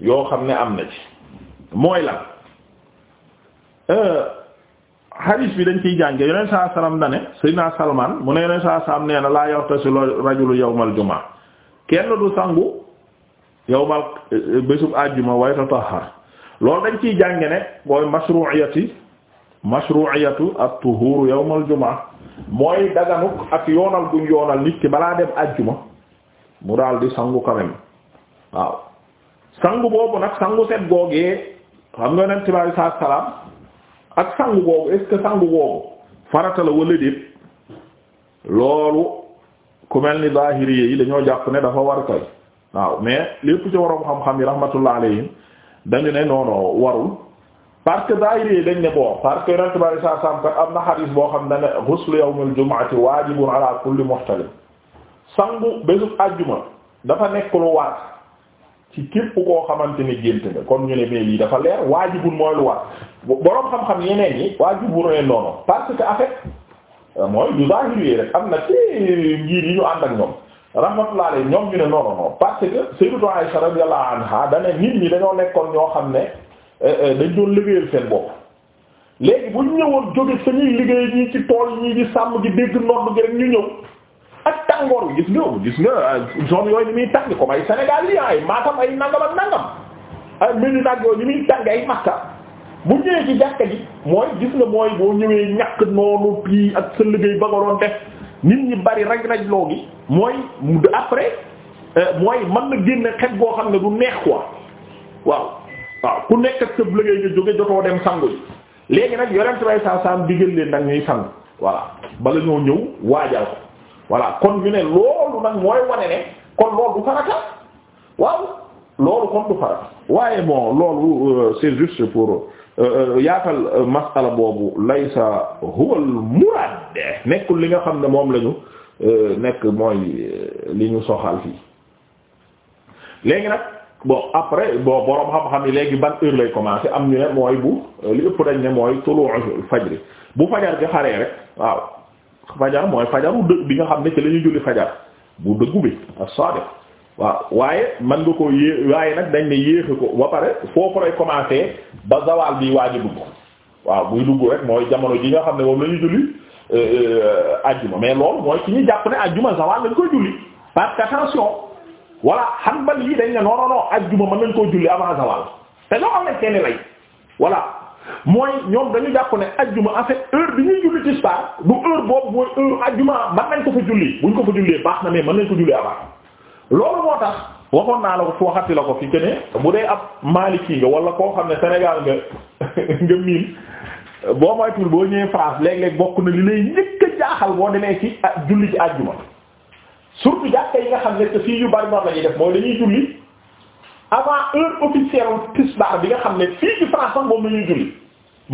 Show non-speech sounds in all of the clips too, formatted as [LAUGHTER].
yoo xam ne am na ci mooy lan euh, hadith bi dañ ciy jànge yoneen saa salaam dane sayyidina Salman mu ne yoneen saa salaam nee na laa yaghtasilu rajulu yawmal jumaa kenn du sangu yawmal euh, bésub àjjuma wa yatatahhar loolu dañ ciy jànge ne mooy mashru'iyati mashru'iyatu at-tuhur yawmal jumaa mooy daganuk ak yoonal guñ yoonal nit ki balaa dem àjjuma mu daal di sangu quand même waaw sangu boobu nag sangu set googee xam nga nen tibaari saa ak sangu boobu est sangu boobu farata la wala déet loolu ku mel ni zahiri yi dañoo jàpp ne dafa war kay waaw mais lépp ci waroom xam-xam yi rahmatullah alayhim dañu ne noono warul parce que zahiri yi dañ ne boo parce que nen tibaari saa salaam am na xadiis boo xam ne ne ghuslu yawmil jumu'ati waajibun ala kulli muhtalim sangu bésub àjjuma dafa nekk lu ci képp koo xamante ne gént nga kon ñu ne mais lii dafa leer waajibul mooy lu war boroom xam-xam yeneen yi waajibul ne noonu parce que en fait euh, mooy du zahiri rek am na ci ngir yi ñu ànd ak ñoom rahmatullah alayhi ñoom ñu ne non non parce que sayyidatu Aisha radiyallahu anha da ne nit ñi dañoo nekkoon ñoo xam ne euh, euh, dañ doon liggéeyal seen bopp léegi bu ñu ñëwoon jóge fa ñuy liggéey ñii ci tool ñii di sàmm gi dégg noonu gi rek ñu ñëw. ak tàngoor bi gis nga gis nga ah, zone yooyu ni muy tàng comme ay Sénégal yi ay Matam ay nangam ak nangam ay menu nag yooyu ni muy tàng ay Makka bu ñëwee ci jàkka ji mooy gis nga mooy boo ñëwee ñàkk noonu pii ak sa liggéey ba nga doon def nit ñi bari raj-raj loo gi mooy mu après euh, mooy mën na génne xet goo xam ne du neex ko waaw waaw ku nekk ak sa liggéey nga jóge jotoo dem sangu yi léegi nag yorent bay saa saa di digal leen nag ñuy sangu voilà bala ñoo ñëw waajal voilà kon ñu ne loolu nag mooy wane ne kon loolu du farata waaw loolu kon du farata waaye bon loolu euh, c'est juste pour euh, yaatal masala boobu laysa huwal muraad nekkul li nga xam ne moom lañu euh, nekk mooy li ñu soxal fii léegi nag bon après boo boroom xam-xam yi léegi ban heure lay commencé am ñu ne mooy bu li ëpp dañ ne mooy tulu'ul fajr bu fajar gi xaree rek waaw fajar mooy fajaru dëgg bi nga xam ne ci la ñu julli fajar bu dëggu bi soo sadiq waaw waaye man nga koo yée waaye nag dañ ne yéexe ko ba pare foofu lay commencer ba zawal bi waaj a dugg waaw buy dugg rek mooy jamono ji nga xam ne moom la ñu julli euh, euh, ajjuma mais loolu mooy ci ñu jàpp ne ajjuma zawal lañ koy julli parce que attention voilà Hanbali yi dañ ne non non non ajjuma mën nañ koo julli avant zawal te loo am na kenn lay voilà mooy ñoom dañu jàpp ne ajjuma en fait heure bi ñuy julli tisbaar du heure boobu mooy heure ajjuma mën nañ ko fa julli buñ ko fa jullee baax na mais mën nañ ko julli avant loolu moo tax waxoon naa la ko waxati la ko fi que ne bu dee ab Maliki nga wala koo xam ne Sénégal nga [LAUGHS] nga miin boo moytuwul boo ñëwee France léeg-léeg bokk na li lay njëkk a jaaxal boo demee ci julli ci ajjuma surtout jàkka yi nga xam ne te fii yu bari noonu la ñuy def mooy dañuy julli. avant heure officielle tisbaar bi nga xam ne fii ci France sax moom la julli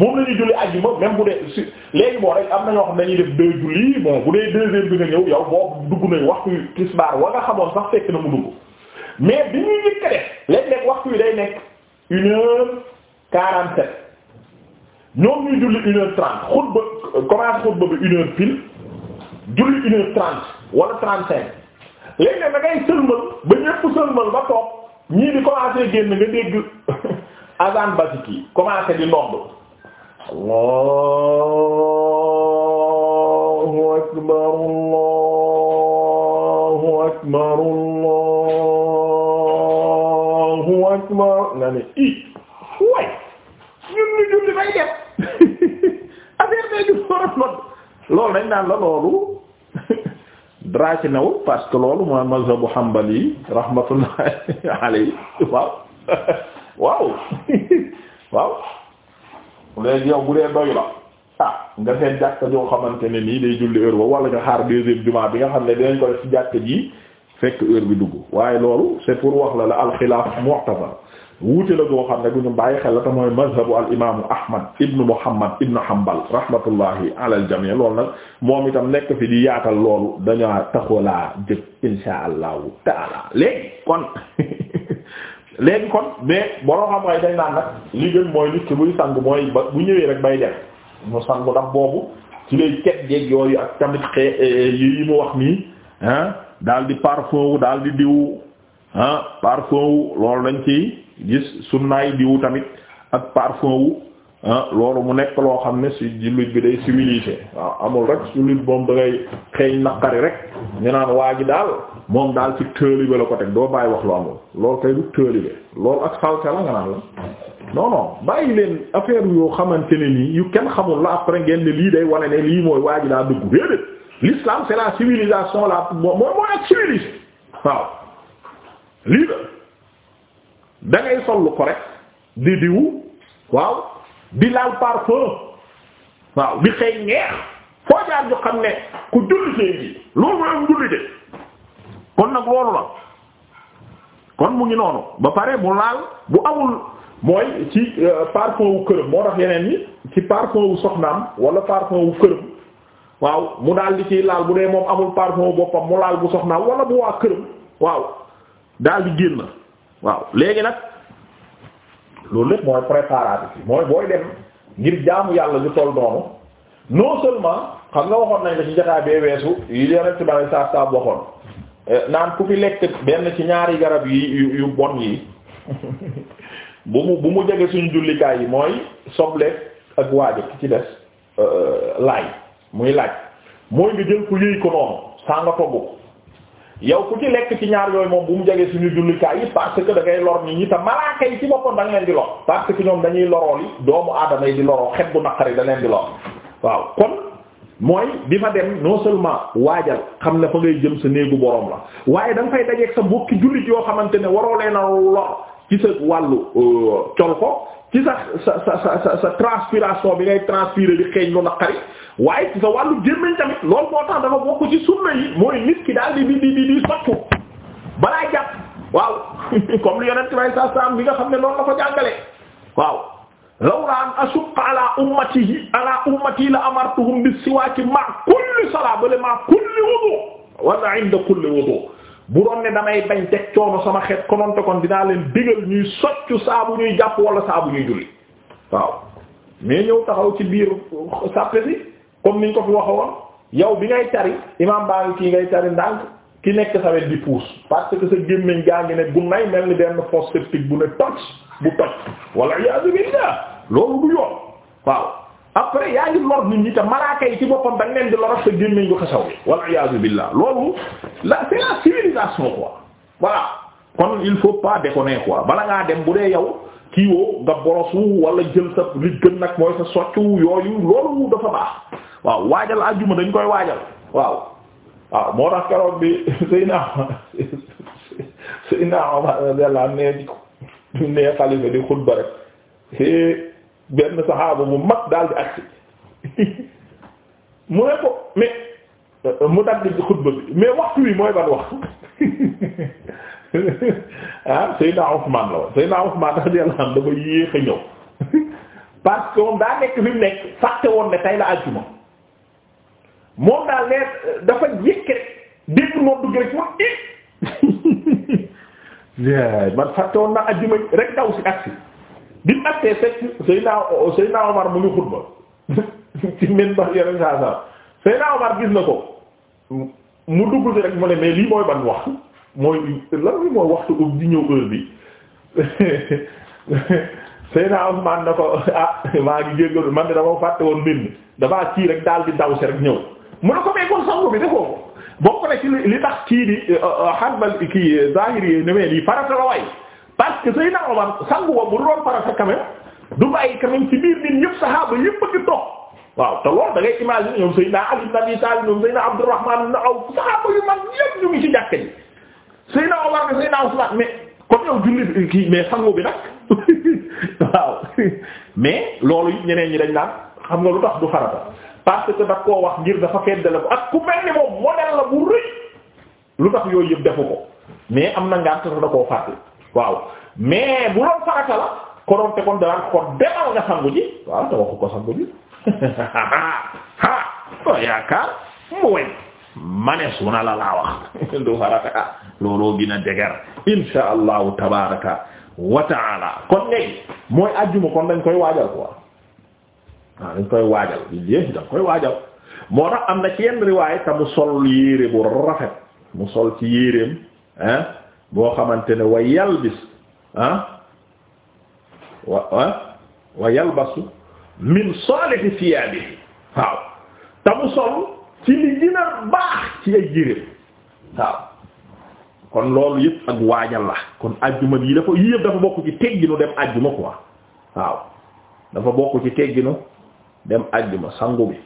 moom la ñuy julli àjjuma même bu dee si léegi boo rek am na ñoo xam ne dañuy def deux julli bon bu dee deux bi nga ñëw yow boo dugg nañ waxtu tisbaar wa nga xamoon sax fekk na mu dugg mais bi ñuy njëkk a def léeg-léeg waxtu wi day nekk une heure quarante sept ñoom ñuy julli une heure trente xutba commence xutba bi une heure julli une heure trente wala cinq léegi ñii di commencé génn nga dégg [LAUGHS] azan basique yi commencé di nodd allahu akbar allahu akbar allahu akbar nga ne i way ñun ñu julli bay def [LAUGHS] affaire day di war a nodd loolu dañ naan la loolu dara ci newul parce que loolu mooy mazhabu hanbali rahmatullahi alayhi waaw waaw waaw léegi yow bu dee doy la ah nga seen jàkka joo xamante ne nii day julli heure ba wala nga xaar deuxième jumaa bi nga xam ne dinañ ko def ci jàkka ji fekk heure bi dugg waaye loolu c'est pour wax la la alxilaaf mu'tabar wuute la goo xam ne du ñu bàyyi xel la te mooy mazhabu al imaamu Ahmad ibn Muhammad ibn Hanbal rahmatullahi ala al jamii loolu nag moom itam nekk fi di yaatal loolu dañaa taxolaa jëf insha allahu taala léegi kon [LAUGHS] léegi kon mais boroo xam dañ naan nag li gën mooy nit ki buy sang mooy ba bu ñëwee rek bay def mu sang ndax boobu ci lay cet jeeg yooyu ak tamit xee yi mu wax nii ah daal di parfum daal di diw ah parfum loolu dañ ci gis sunnaay diwu tamit ak parfum wu ah, loolu mu nekk loo xam ne si jullit bi day civilisé waaw amul rek jullit moom da xeeñ naqari rek ñu naan waa ji daal moom daal ci tëëlibe la ko teg doo bàyyi wax lu amul loolu kay du tëëlibe loolu ak salte la nga naan la non bàyyi leen affaire yoo xamante ne nii yu kenn xamul la après ngeen lii day wane ne lii mooy waa ji daa dugg déedéet l'islam c'est la civilisation la mooy mooy ak civilisé waaw lii la da ngay sollu ko rek di diwu waaw di laal parfum waaw di xëy ñeex foo jaar ñu xam ne ku jullitee ji loolu mooy am jullite kon nag loolu la kon mu ngi noonu ba pare mu laal bu amul mooy ci euh, parfum wu këram moo tax yeneen ni ci parfum wu soxnaam wala parfum wu këram waaw mu daal di ciy laal bu dee moom amul parfum wu boppam mu laal bu soxnaam wala bu waa këram waaw daal di génn. waaw léegi nag loolu lépp mooy préparatif bi mooy booy dem ngir jaamu yàlla lu toll noonu non seulement xam nga waxoon nañ la ci jotaay bee weesu yi yeneen ci eh, naan ku fi lekk benn ci ñaari garab yi yu bon yi [LAUGHS] bu mu bu mu jege suñu jullikaay yi mooy soble ak waajo ki ci des eh, laaj muy laaj mooy nga jël ko yëy ko noonu saa nga togg ko yow ku ci lekk ci ñaar yooyu moom bu mu jege suñu jullikaay yi parce que da ngay lor nit ñi te malaaka yi ci boppam da nga leen di ñoom dañuy loroo yi doomu aadama yi di loroo xet bu naqari da di lor waaw kon mooy di fa dem non seulement waajal xam ne fa ngay jëm sa néegu borom la waaye da nga fay dajeeg sa mbokki jullit yoo xamante ne waroo leen a lor ci sa wàllu euh, col ko ci sa sa sa sa sa transpiration bi ngay transpirer di xeeñ lu naqari waaye ci sa wàllu gémmiñ tamit loolu moo tax dafa bokk ci sunna yi mooy nit ki daal di di di di sottu balaa waaw [LAUGHS] comme lu yonent may sa saam bi nga xam ne loolu la ko jàngale waaw lawla an asuqa ala ummatihi ala ummati la amartuhum bis siwaaki ma kulli salaa bale ma kulli wudu wala inda kulli wudu bu doon ne damay bañ teg coono sama xeet kononte kon dinaa leen digal ñuy soccu saabu ñuy jàpp wala saabu ñuy julli waaw mais ñëw taxaw ci biir sàppe si comme niñ ko fi waxa woon yow bi ngay tari imam baa kii ngay tari ndànk ki nekk sa wet di puus parce que sa gémmiñ gaa ngi ne gunnay mel ni benn fosse septique bu ne toj bu toj wala iyaazu billah loolu du yoon waaw après yaa ngi lor nit ñi te malaaka yi ci boppam da ngeen di lor sa gémmiñ gu xasaw bi wal iyaazu billah loolu la c'est la civilisation quoi kon il faut pas déconner quoi bala ngaa dem bu dee yow kii nga borosu wala jël sa li gën nag mooy sa soccu yooyu loolu dafa baax waaw waajal àjjuma dañ koy waajal waaw waaw moo tax keroog bi Seydina Seydina Omar radiyallahu anhu ne di ko ne xalifa di xutba rek benn saxaaba bu mag daal di agsi [LAUGHS] mu ne ko mais euh, mu dagg xutba bi mais waxtu wi mooy ban wax [LAUGHS] ah Seydina Ousmane la woon Seydina Ousmane radiyallahu anhu dafa yéex a ñëw [LAUGHS] parce moom daa nekk bi nekk fàtte woon ne tey la àjjuma moom daal leer dafa yëkk rek dégg dugg rek moom it man fàtte woon na àjjuma rek daw si agsi bi mu àttee fekk Seydina Seydina Omar mu ngi xutba [LAUGHS] ci minbar yeneen saa saa Seydina Omar gis na ko mu dugg ci rek mu ne mais lii mooy ban waxtu mooy lan mooy waxtu ub di ñëw heure bi [LAUGHS] Seydina Omar na ko [LAUGHS] ah maa ngi jéggalu man de dama fàtte woon mbir mi damaa kii rek daal di daw si rek ñëw mu ne ko mais kon sangu bi defoo ko bokk na ci li tax kii di euh, euh, xarbal kii euh, zahiri ne mais lii farata la parce que Seydina Omar sangu bu doon farata quand même du bàyyi quand ci biir nit ñëpp saxaaba yëpp a ngi toog waaw te loolu da ngay imaginer ñoom Seydina Ali ibn Abi Talib ñoom Seydina Abdurrahman ibn Awf saxaaba yu mag yëpp ñu ngi ci jàkka ji Seydina Omar ak Seydina Usman mais comme yow jullit mais sangu bi nag [LAUGHS] dañ naan xam nga lu tax du farata parce que daf koo wax ngir dafa feddale ko ak ku mel ni moom modèle la bu rëy lu tax yooyu yëpp defu ko mais am na ngànt da koo fàtte. waaw mais bu doon farata la konoon te kon danaan ko demal nga sangu ji waaw te waxu ko sangu ji ah [LAUGHS] yaakaar mu wen mane suna la laa [LAUGHS] du farata looloo gën a dëgër insha allahu tabaraka wa kon léegi mooy ajjuma kon dañ koy waajal quoi waaw dañ koy waajal léegi dañ koy waajal moo tax am na ci yenn bu rafet mu sol ci yéereem ah boo xamante ne wa yalbis ah wa ah wa yalbasu min salihi thiyabihi waaw te sol ci li gën baax ci ay yéreem waaw kon loolu yëpp ak waajal la kon ajjuma bii dafa yii yëpp dafa bokk ci tegginu dem ajjuma quoi waaw dafa bokk ci tegginu dem ajjuma sangu bi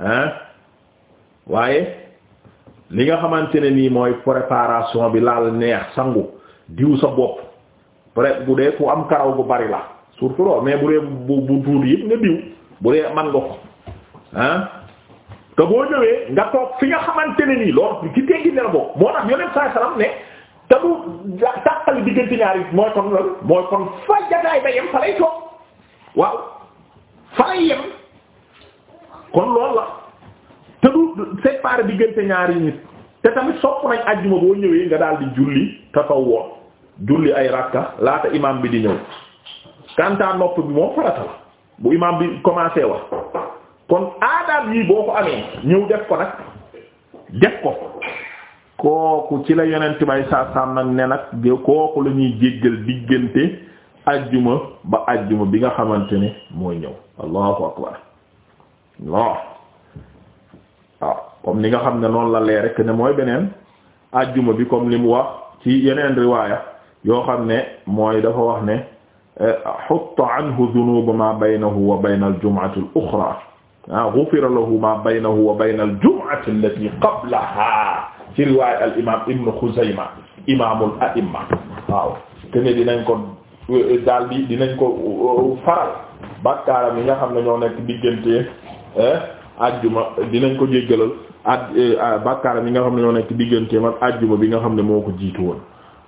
ah waaye li nga xamante ne nii mooy préparation bi laal neex sangu diw sa bopp pré bu dee ku am karaw bu bari la surtout mais bu dee bu bu tuuti nga diw bu dee man nga ko ah te boo ñëwee nga toog fi nga xamante ne nii loolu ci teggi ne la bokk moo tax yonent saa salaam ne te du tàqali diggante ñaari mooy kon loolu mooy kon fa jataay ba yem fa lay toog waaw fa lay yem kon loolu la. te du séparé diggante ñaari nit te tamit sopp nañ ajjuma boo ñëwee nga daal di julli tatawwu julli ay rakka laata imam bi di ñëw kantaa nopp bi moom farata la bu imam bi commencé wax kon aadaab yi boo ko amee ñëw def ko nag def ko kooku ci la yonent bay saa nag ne nag kooku lañuy ñuy jéggal diggante ajjuma ba ajjuma bi nga xamante ne mooy ñëw allahu akbar waaw comme ni nga xam ne noonu la lee rek ne mooy beneen ajjuma bi comme li mu wax ci yeneen riwaaya yoo xam ne mooy dafa wax ne xutta eh, anhu dunuba ma baynahu wa bayna al jumu'ati al uxra ah, ma baynahu wa bayna al jumu'ati qablaha ci riwaaya al imam ibnu xuzayma imamul a'imma waaw te ne dinañ ko eh, daal bi dinañ ko eh, yi nga xam ne ñoo nekk diggante ajjuma dinañ ko jéggalal ak eh, ah, bàkkaaram yi nga xam ne ñoo nekk digganteem ak àjjuma bi nga xam ne moo ko jiitu woon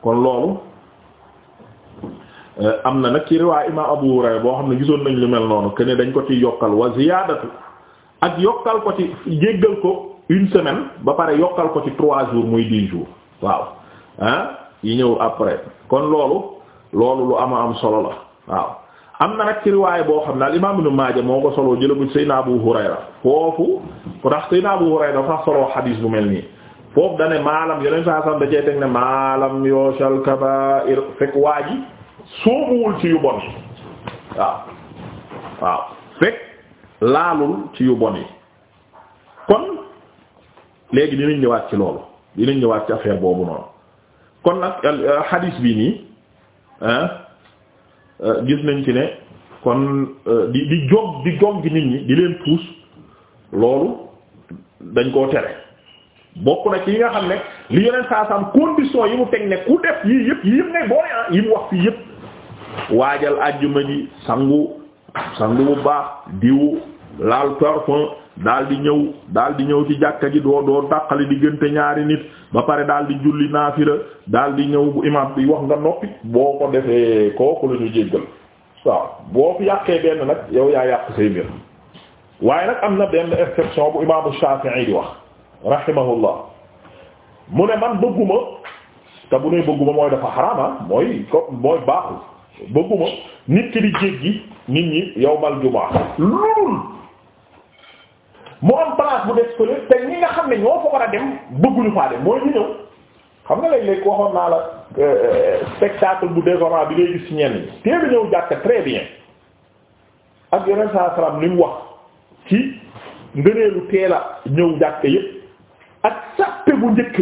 kon loolu eh, am na nag ci riwaay imam Abu Hurayra boo xam ne gisoon nañ lu mel noonu que dañ ko ci yokkal wa ziyaadatu ak yokkal ko ci jéggal ko une semaine ba pare yokkal ko ci trois jours muy dix jours waaw ah yi ñëw après kon loolu loolu lu ama am solo la waaw am na nag ci boo xam ne al imaam Ibn Maaja moo ko soloo jëla bu Seydina Abu Hurayra foofu ko tax Seydina Abu Hurayra dafa mel nii foofu dane maalam yeneen saa sam da cee ne maalam yooshal kabaa'ir fekk waa ji soobuwul ci yu bon yi waaw fekk laalul ci yu bon yi kon léegi dinañ ñëwaat ci loolu dinañ ñëwaat ci affaire boobu noonu kon nag euh, xadiis bi nii Euh, gis nañ ci ne kon euh, di di jog di jog gi nit ñi di leen puus loolu dañ koo tere bokk na ci yi nga xam ne li yeneen saa saam condition yi mu teg ne ku def yii yëpp yëpp ne boo ah yi mu wax fii yëpp waajal àjjuma ji sangu sangu bu baax diwu laal parfum daal di ñëw daal di ñëw ci jàkka ji doo doo dàqali diggante ñaari nit ba pare daal di julli naafila daal di ñëw bu imaam bi wax nga noppi boo ko defee kooku la ñu jéggal waaw boo fi yàqee benn nag yow yaa yàq say mbir waaye nag am na benn exception bu imaamu Shafi'i di wax rahimahullah mu ne man bëgguma te bu ne bëgguma mooy dafa xaraama ah, mooy ko mooy baaxul bëgguma nit ki di jéggi nit ñi yawmal jumaa lool mu am place bu des fële te ñi nga xam ne ñoo fa a dem bëgguñu faa dem mooy ñu ñëw xam nga léeg-léeg waxoon naa la euh, euh, spectacle bu déshonorant bi ngay gis ci ñenn ñi teel a ñëw jàkk très bien ak yeneen saa salaam li mu wax ci ngëneelu teel a ñëw jàkk yépp ak bu njëkk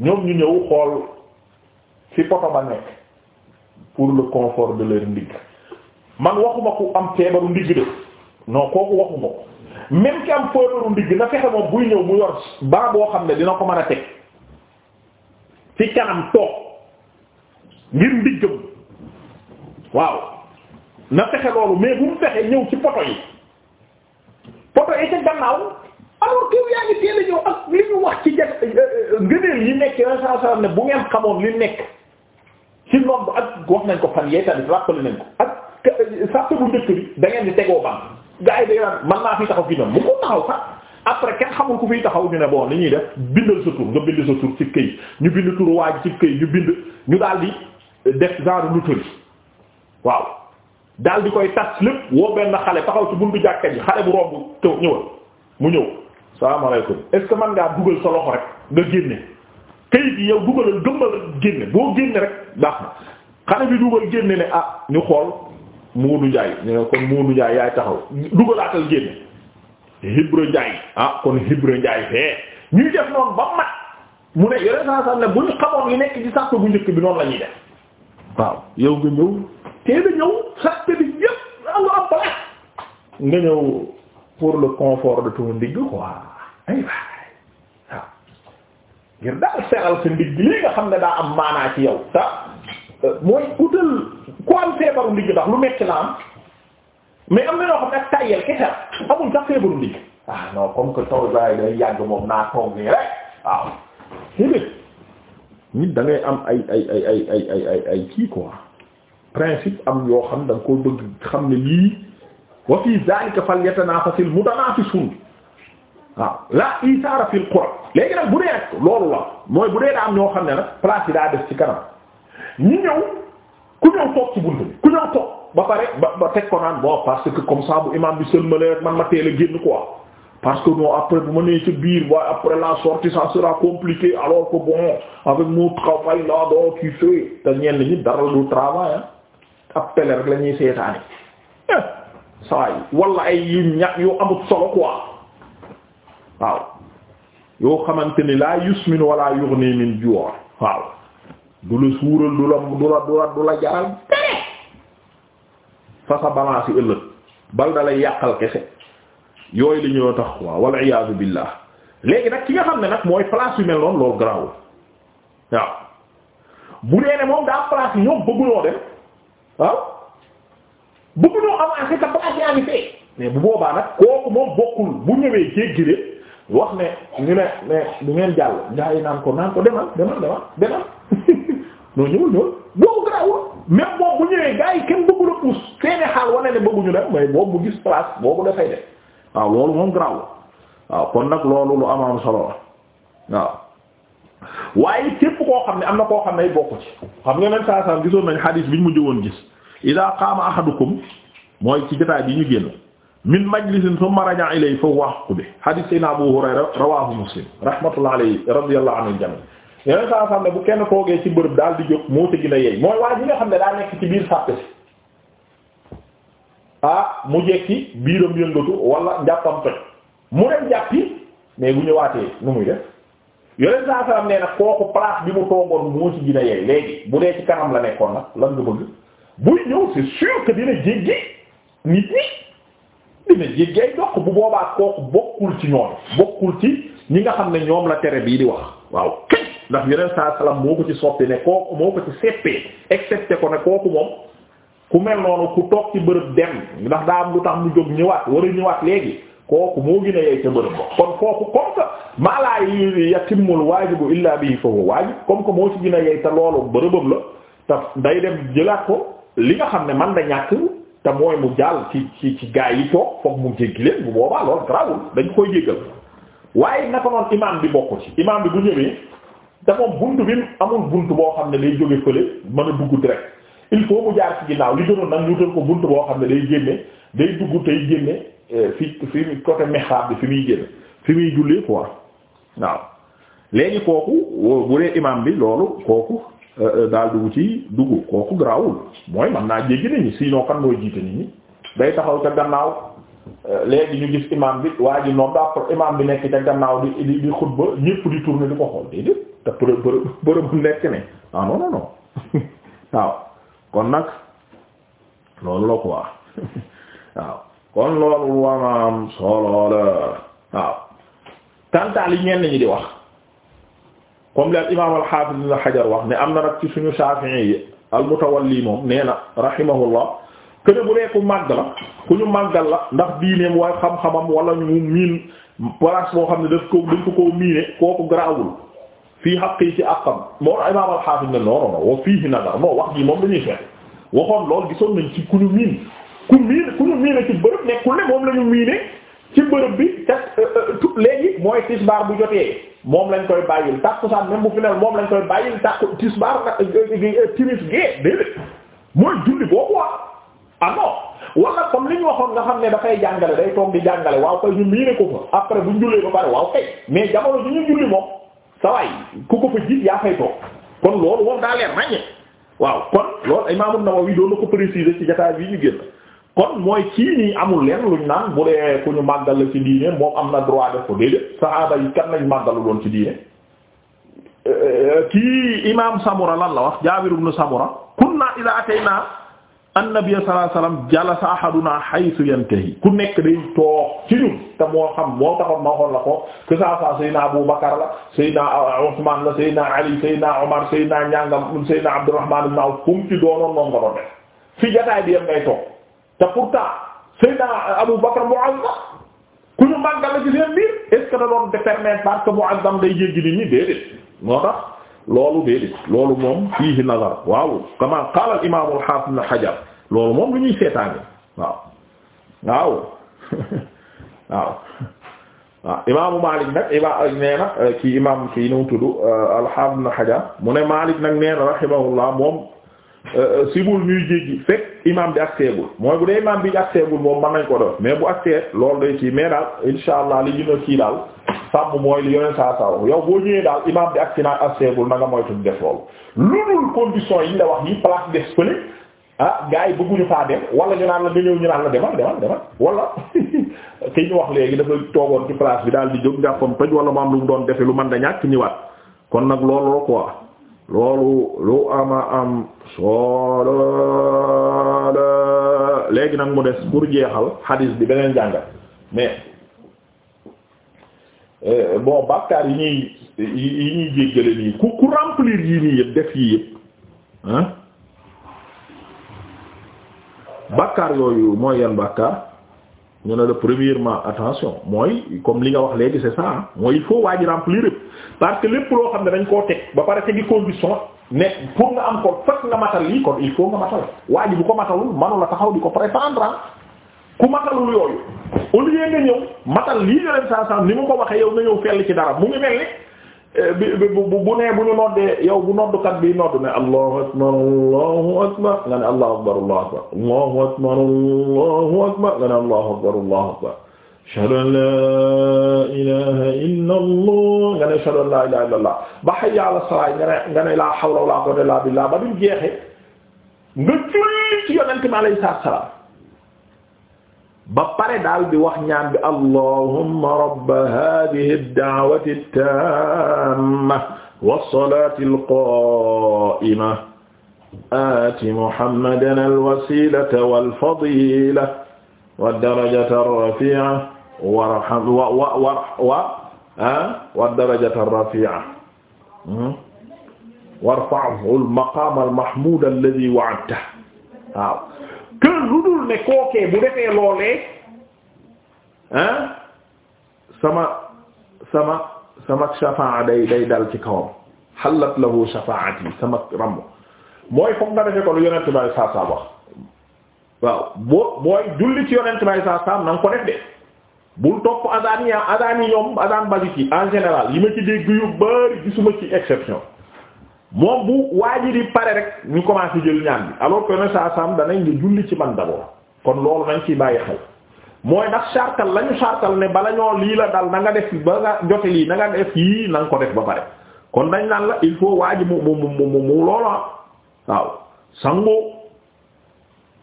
ñoom ñu ñëw xool fi poto ba nekk pour le confort de leur ndigg man waxuma ku am feebaru ndigg de non kooku waxuma même ki am feebaru ndigg na fexe moom buy ñëw mu yor baa boo xam ne dina ko mën a teg ci kanam toog ngir ndiggam waaw na fexe loolu mais bu mu fexe ñëw ci poto yi poto yi ca gannaaw alors que yaa ngi teel ñëw ak li ñu wax ci jag euh, euh, ngëneel yi nekk yoneen saa sallam ne bu ngeen xamoon li nekk ci nombre ak wax nañ ko fan yee tamit rappelé nañ ko ak euh, sàppe bu njëkk bi da ngeen di tegoo ban gars yi day naan man naa fi taxaw fi na mu ko taxaw sax après kenn xamul ku fiy taxaw ñu ne boo li ñuy def bindal sa tur nga bind sa tur ci këy ñu bind turu waaj ci këy ñu bind ñu daal di def genre loterie waaw daal di koy tas lépp woo benn xale taxaw ci buntu jàkka ji xale bu romb taw ñëwal mu ñëw salaamaaleykum est ce que man ngaa dugal sa loxo rek nga génne këyit yi yow dugalal gëmmal génne boo génne rek baax na xale bi dugal génne ne ah ñu xool. Moodu Njaay kon Moodu Njaay yaay taxaw dugalaatal génn Hibra Njaay ah kon Hibra Njaay fee ñuy def noonu ba mat mu ne yore saa saa ne bu ñu xamoon yi nekk ci sàpp bu njëkk bi noonu la def waaw yow nga ñëw teel a ñëw sàpp bi yépp nga ñëw pour le confort de ton ndigg quoi ay waay ngir daal seral sa ndigg lii nga xam ne daa am maanaa ci yow ta mooy utal ku am feebaru ndigg ndax lu metti la am am na yoo xam ne ak tàyyeel kese amul sax feebaru ndigg ah comme que taw daay day yàgg moom naa toog nii rek waaw xéedéet nit da ngay am ay ay ay ay ay yoo xam da nga koy bëgg xam ne lii wa fii zalika falyatanafasil mutanafisun waaw la isaara fil qur'an léegi nag bu dee rek loolu la mooy bu am ñoo xam ne nag place yi daa def ci kanam ñu ñëw ku ñëw toog ci bunt bi ku ñëw toog ba pare ba ba teg ko naan bon parce que comme ça bu imam bi sëlmale man ma teel a génn quoi parce que non après bu ma nee ci biir waaye après la sortie ça sera compliqué alors que bon avec mon travail là donc il fait te ñenn ñi dara du travail ab télé rek la ñuy seetaani eh, sawaay wala ay yu ña amut solo quoi waaw yoo xamante ni laa yusmin wala yughni min ju' waaw du la suural du la du la du la du la jaral dara fa sa balance yi ëllëg bal da yàqal kese yooyu lañuy ñoo tax waaw wal iyaazu billah léegi nag ki nga xam ne nag mooy place yu mel noonu loolu garaawul waaw bu dee ne moom daa place yaa ngi fee mais bu boobaa nag kooku moom bokkul bu ñëwee jéggi de wax ne ñu ne ne du ngeen jàll ngaa naan ko naan ko demal demal demal demal [LAUGHS] ñoo ñëwul ñëw boobu garaawul même boobu bu ñëwee gars yi kenn bëggu la pousse seeni xaal wane ne bëgguñu dem mais boobu bu gis place boobu dafay def waaw loolu moom garaawul waaw kon nag loolu lu am am solo la waaw waaye képp koo xam ne am na koo xam ne bokku ci xam nga leen saa saa gisoon nañ xadiis bi mu mujj woon gis idaa qaama ahadukum mooy ci jotaay bi ñu génn min majlisin thumma raja'a ilayhi fa huwa ahqqu bihi xadiis sayna Abu Hurayra rawaahu Muslim rahmatullahi yeneen saa mu ne bu kenn toogee ci bërëb daal di jóg moo ci gën a yey mooy waa ji nga xam ne daa nekk ci biir sàppe si ah mu jekki biiram yëngatu wala njàppam toj mu dem jàppi mais bu ñëwaatee nu muy def yeneen ne nag kooku place bi mu toogoon bu dee ci kanam nekkoon nag lan nga bëgg buy ñëw c'est sûr que dina jéggi nit ñi dina jéggi ay dox bu boobaat kooku bokkul ci ñoom bokkul ci ñi nga xam ne ñoom la tere bii di wax waaw. ndax yeneen saa salaam moo ko ci soppi ne kooku ko ci seppee excepté ko ne kooku moom ku mel noonu ku toog ci bërëb dem ndax daa am lu tax mu jóg ñëwaat war a ñëwaat léegi kooku moo gën a yey ca bërëb ba kon kooku comme que maa illaa bihi fa huwa waajib comme que moo ci gën a yey te loolu bërëbam la te day dem jëlaat ko li nga xam ne man da ñàkk te mooy mu jàll ci ci ci gaa yi toog foog mu jéggi leen bu boobaa loolu grawul dañ koy jéggal waaye naka noonu imaam bi bokku ci imaam bi bu ñëwee te moom buntu bi amul buntu boo xam ne day jóge fële mën a dugg direct il faut mu jaar ci ginnaaw li gënoon nag ñu tël ko bunt boo xam ne day génne day dugg tey génne eh, fi fi côté mihrab bi fi muy génne fi muy jullee quoi waaw léegi kooku bu dee imam bi loolu kooku eh, eh, daal dugg ci dugg kooku grawul mooy man naa jéggi nit ñi sinon kan mooy jiite nit ñi day taxaw ca gannaaw léegi ñu gis imam bi waa ji noonu après imam bi nekk ca gannaaw di di xutba ñépp ko te përë përë përëbu nekk ne ah non non non [LAUGHS] waaw kon nag loolu la quoi [LAUGHS] waaw kon loolu wamaam solo la waaw tantaal yi ñenn ñi di wax comme li al imam al hafiz ibn hajar wax ne am na nag ci suñu shafi'i yi al mutawalli moom nee na rahimahullah kene bu dee ku màgg la ku ñu màggal la ndax diineem waaye xam-xamam wala ñu miin place boo xam ne daf ko dañ ko koo miine kooku garaawul fii xaq yi ci àqam moo imaam al-Hafiz ne non non wa fiihi nadar non wax ji moom dañuy seet waxoon lool gisoon nañ ci ku ñu miin ku miin ku ñu miine ci bërëb nekkul ne moom la ñu miine ci bërëb bi te euh, euh, léegi mooy tisbaar bu jotee moom lañ koy bàyyil tàkkusaan même bu fi nel moom lañ koy bàyyil tàkku tisbaar euh, timis gée déedéet mooy julli boobu wax ah non wala comme li ñu waxoon nga xam ne dafay jàngale day toog di jàngale waaw kay ñu miine ko fa après bu ñu jullee ba pare sawaay ku ko fa jiit yaa fay toog kon loolu moom daa leer naññe waaw kon loolu Imaamu Nawawi doon na ko préciser ci jotaay bi ñu génn kon mooy kii nii amul leen luñ naan bu dee ku ñu màggal la ci diine moom am na droit def ko déedéet saxaaba yi kan lañ màggalu doon ci diine euh, euh, kii imaam Samura lan wax Jaabir ibn Samura kunna ila atayna annabiyya sallallahu alayhi wasallam jalasa ahaduna haythu yantahi ku nekk day toog ci ñun te moo xam moo taxoon ma xool la ko que ça soit Seydina Abu Bakar la Seydina euh, Ousmane la Seydina Ali Seydina Omar Seydina Ñangam Seydina Abdurrahman ibn Awf kum ci doonoon noonu nga doon def fi jotaay bi yem ngay toog te pourtant Seydina Abu Bakar mu'azzam ku ñu màggal ci seen biir est-ce que da doon défermer parce que mu'azzam day jéggi nit ñi déedéet moo tax. loolu déedéet loolu moom fiihi nazar waaw kama qaala al imaam al haafiz ibn hajar loolu moom lu ñuy seetaane waaw [LAUGHS] waaw waaw imaamu Maalik nag imaam ak na eh, kii imaam kii nu mu tudd eh, al haafiz ibn mu ne Maalik nag nee na rahimahullah moom eh, sibul ñuy jéggi fekk imaam bi ak seegul mooy bu dee imaam bi ak seegul moom mën nañ ko def mais bu ak see loolu day kii mais daal insha allah li ñu ne kii daal. sàmm mooy li yoneen saa saa yow boo ñëwee daal imaam bi ak si naa asseegul na mooy moytuñ def loolu lu dul yi la wax yi place des fële ah gars yi bëgguñu faa dem wala ñu naan la nga ñëw ñu naan la demal demal demal wala [LAUGHS] ki ñu wax léegi dafa toogoon ci place bi daal di jóg jàppam toj wala mu am lu mu doon defe lu mën da ñàkk ñëwaat kon nag loolu quoi loolu lu ama am solo léegi nag mu des pour jeexal hadis bi beneen jànga mais. Euh, bon bàkkaar yi ñuy yi ñuy jéggale nii ku ku remplir yii nii yëpp def yii yëpp ah bàkkaar yooyu mooy yan bàkkaar ñu ne la premièrement attention mooy comme li nga wax léegi c'est ça mooy il faut waa ji remplir yëpp parce que lépp loo xam ne dañ koo teg ba pare tegi condition ne pour nga am ko fekk nga matal lii kon il faut nga matal waa ji ko matalul manu la taxaw di ko prétendre ku matalul yooyu au lieu nga ñëw matal lii yoneen saa saa ni mu ko waxee yow nga ñëw fell ci dara mu ngi mel ni eh, bi bu bu nee bu ñu noddee yow bu noddukat bi nodd ne allahu akbar allahu akbar nga ne allahu akbar allahu akbar allahu akbar allahu akbar nga ne allahu akbar allahu akbar ashhadu an laa ilaha illa allah nga ne ashhadu an laa ilaha illa allah ba hayya ala salaat nga ne nga ne laa hawla wala quwwata illa billah ba duñ jeexee nga julli ci yonent mi alayhi salaam ba pare daal di wax ñaan bi allahumma rabba hadhihi ad-da'wati at-tamma was-salati al-qa'ima ati muhammadan al-wasilata wal-fadila wad-darajata ar-rafi'a warham wa wa wa wa wad-darajata ar-rafi'a hmm? warfa'hu al-maqama al-mahmuda alladhi wa'adtahu waaw que lu dul ne kookee bu defee loolee ah sama sama sama shafaa day day dal ci kawam xalat lahu shafaati sama ramb mooy foog nga defee ko lu yonent bay saa saa wax waaw boo booy julli ci yonent bay saa saa na ko def de bul topp adaan yi adaan adaan basique en général yi ma ci dégg yu bari gisuma ci exception moom bu waa ji di pare rek ñu commencé jël ñaan bi alors que ne saa saam danañ nga julli ci man d'abord kon loolu nañ ci bàyyi xel mooy ndax sartal lañu ñu sartal ne bala ñoo lii la dal na nga def ba nga jote lii na nga def yii na nga ko def ba pare kon dañ naan la il faut waa ji mu mu mu mu mu loola ah. waaw sango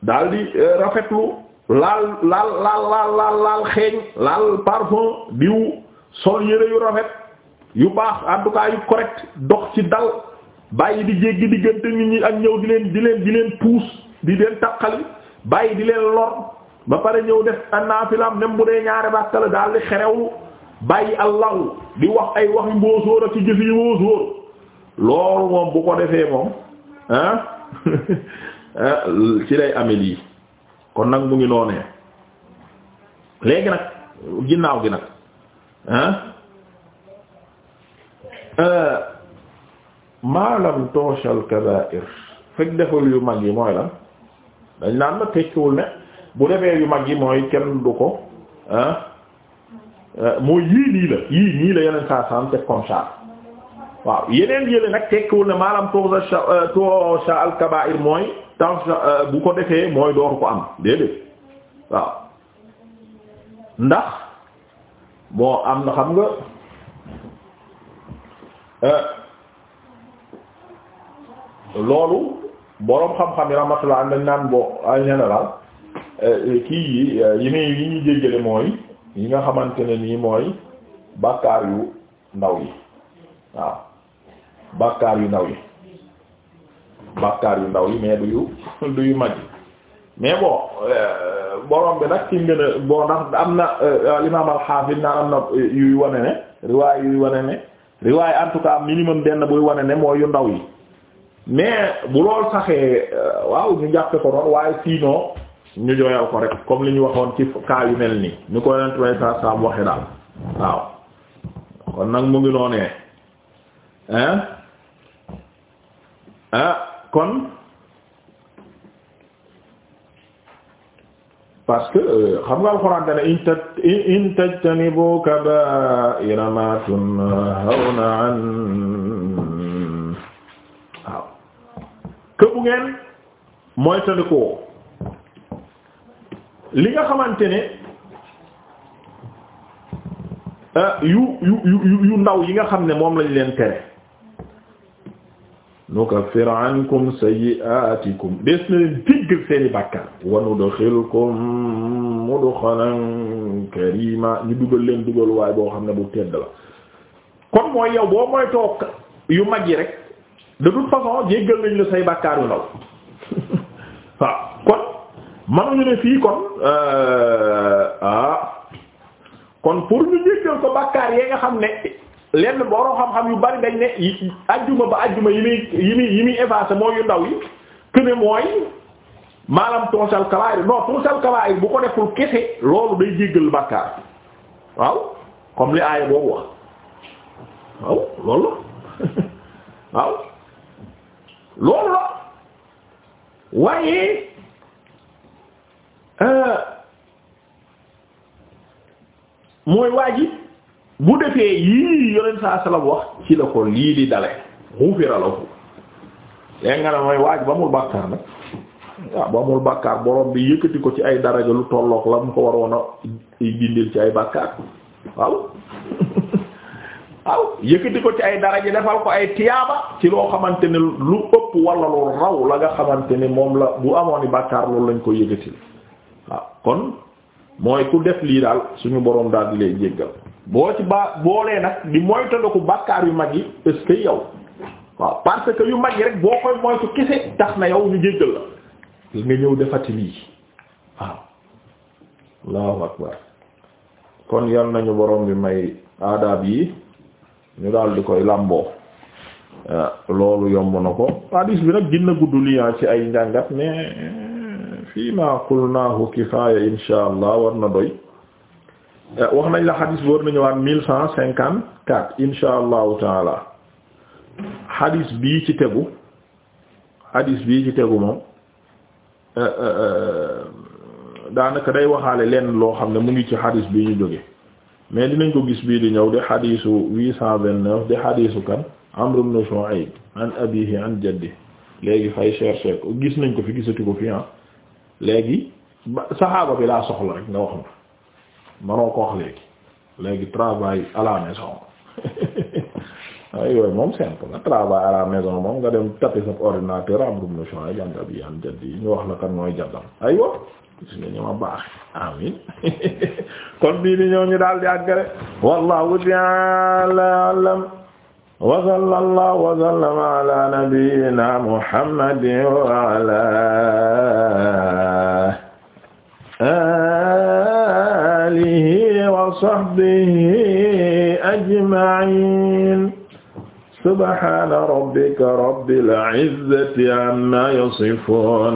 daal di euh, rafetlu laal laal laal laal laal laal xeeñ laal parfum diw sol yére yu rafet yu baax en tout cas yu correct dox ci dal bàyyi di jéggi diggante nit ñi ak ñëw di leen di leen di leen puus di leen taqali bàyyi di leen lor ba pare ñëw def annaafilam même bu dee ñaari bàkka la daal di xerewlu bàyyi law di wax ay wax yu mboosóor ak ci jëf yu mboosóor loolu [LAUGHS] ci lay amee lii kon nag mu ngi noonee léegi nag ginnaaw gi nag ah. maalam tooshal kabair fekk defal yu mag yi mooy lan dañ naan la tekkiwul ne bu defee yu mag yi mooy kenn du ko ah eh, mooy yii nii la yii nii la yeneen saa saam teg comme ça waaw yeneen yële nag tekkiwul ne maalam tooshal eh, tooshal kabair mooy temps eh, bu ko defee mooy dooru ko am déedéet waaw ndax bon am na xam nga. loolu boroom xam-xam yi rahmatullah am naan bo en général eh, kii yi eh, yi ne yi ñuy nga xamante ne nii mooy bàkkaar yu ndaw yi waaw yu ndaw yi bàkkaar yu ndaw yi mais yu [LAUGHS] yu mag mais bon eh, borom bi am na imaam al-Hafiz naan am na yuy wane ne riwaay yuy wane ne riwaay en tout cas minimum benn buy wane ne mooy yu ndaw yi mais bu lool saxee euh, waaw ñu jàppe ko noonu waaye sinon ñu jooyal ko rek comme li ñu waxoon ci cas yu mel nii ñu ko yonent way sa saam waxe daal waaw kon nag mu ngi noonee hein ah kon parce que euh, xam nga alxuraan dana in ta in tajtanibu kaba'ira ma tunhawna an ngeen moytandikoo li nga xamante ne euh, yu yu yu yu ndaw yi nga xam ne moom lañ leen tere nukaffir ankum sayyi'atikum des na leen diggal seeni bàkkaar wa nudkhilkum mudkhalan karima ñu dugal leen dugal waay boo xam ne bu tedd la kon mooy yow boo mooy toog yu mag yi rek de toute façon jéggal nañ la say bàkkaar yu ndaw [LAUGHS] waaw kon manuñu ne fii kon euh, ah, kon pour ñu jéggal ko bàkkaar yee nga xam ne lenn borom xam-xam yu bari dañ ne ajjuma ba ajjuma yi muy yi muy yi muy yu ndaw yi que ne mooy maanaam tonsal kabaayir non tonsal kabaayir bu ko deful kese loolu day jéggal bàkkaar waaw comme li aaya boobu wax waaw loolu [LAUGHS] waaw loolu la waaye euh, mooy waajib bu defee yii yonent saa salaam wax ci la ko lii di dale xufira lahu léegi nga ne mooy waaj ba amul bàkkaar nag waaw ba amul bàkkaar borom bi yëkkati ko ci ay daraja lu tollook la mu ko waroon a gindil ci ay bàkkaar waaw aw yëkkati ko ci ay daraja defal ko ay tiyaaba ci loo xamante ne lu ëpp wala lu raw la nga xamante ne moom la bu amoon i bàkkaar loolu lañ ko yëkkati waaw kon mooy ku def lii daal suñu boroom daal di lay jéggal boo nag di moytandiku bàkkaar yu mag yi est que waaw parce que yu mag yi rek boo koy moytu kese tax na yow ñu jéggal la nga ñëw defati lii waaw allahu akbar kon yal nañu boroom bi may aadaab yi ñu daal di koy làmboo eh, loolu yomb na ko hadis bi nag gin na gudd li ci ay njàngat mais eh, fii ma qulnaahu kifaaya insha allah war na doy eh, wax nañ la hadis bi war nañu waan mille cent cinquante quatre insha allahu taala hadis bi ci tegu hadis bii ci tegu moom daanaka day waxaale leen loo xam ne mu ngi ci hadis bi ñu jóge mais dinañ ko gis bii di ñëw di xadiisu 829 di xadiisu kan Amr ibn Shu'ayb an abihi an jaddi léegi fay chercher ko gis nañ ko fi gisatu ko fi ah léegi saxaaba bi laa soxla rek nga wax ma manoo ko wax léegi léegi travail à la maison [LAUGHS] ay yooyu moom simple na travail à maison moom nga dem tapé sa ordinateur Amr ibn Shu'ayb an abihi an jaddi ñu wax la kan mooy jaddam ay wa gis nga ñëw a baax amin [LAUGHS] kon bii di ñëw ñu daal di àggale wallahu ta'ala a'lam wa sallallahu wa sallama ala nabiyyina muhammadin wa ala alihi wa sahbihi ajma'in subhana rabbika rabbil izzati amma yasifun